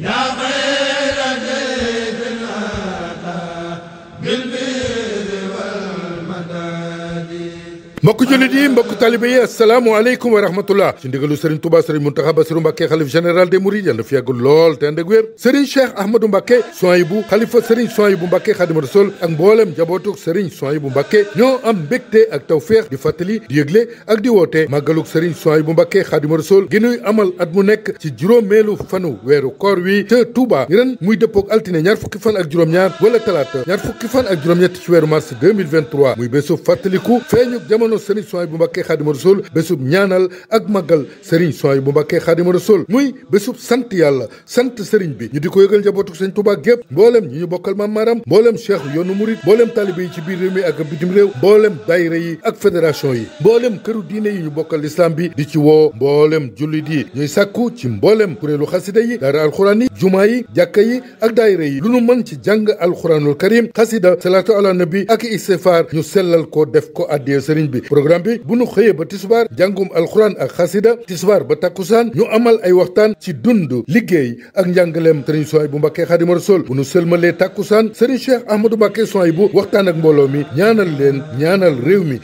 yaa mbokk jullit yi mbokk talibe yi asalaamaaleykum wa rahmatullah ci ndigalu Serigne Touba Serigne Mountakha Bassirou Mbacké xalif général des Mourides yàlla fi yàggul lool te ànd ak wér Serigne Cheikh Ahmadou Mbacké Souhaïbou xalifa Serigne Souhaïbou Mbacké Khadimou Rassoul ak mboolem njabootuk Serigne Souhaïbou Mbacké ñoo am mbégte ak tawféex di fàttali di yëgle ak di woote màggaluk Serigne Souhaïbou Mbacké Khadimou Rassoul gi nuy amal at mu nekk ci juróomeelu fanu weeru koor wi te Touba ren muy dëppook altine ñaar fukki fan ak juróom-ñaar wala talaata ñaar fukki fan ak juróom weeru mars 2023 muy bésu fàttaliku ñaanu Serigne Souhaïbou Mbacké Khadimou Rassoul bésub ñaanal ak màggal Serigne Souhaïbou Mbacké Khadimou Rassoul muy bésub sant yàlla sant Serigne bi ñu di ko yëgal njabootu Serigne Touba gépp mbooleem ñi ñu bokkal maam maaram mbooleem cheikh yoonu murit mbooleem taalibe yi ci biir réew mi ak bitim réew mbooleem daayira yi ak fédération yi mbooleem këru diine yi ñu bokkal l'islam bi di ci woo mbooleem jullit yi ñuy sàkku ci mbooleem kuréelu xasida yi daara alxuraan yi jumaa yi jàkka yi ak daayira yi lu nu mën ci jàng alxuraanul karim xasida salaatu ala nabi ak istifaar ñu sellal def ko addee sëriñ bi programme bi bu nu xëyee ba tisbaar jàngum alxuraan ak xasida tisbaar ba takkusaan ñu amal ay waxtaan ci dund liggéey ak njàngaleem sëriñ bu Mbacké Xaadimu Rasuul bu nu sëlmalee takkusaan sëriñ Cheikh Ahmadou Mbacké Souhaïbou waxtaan ak mbooloo mi ñaanal leen ñaanal réew mi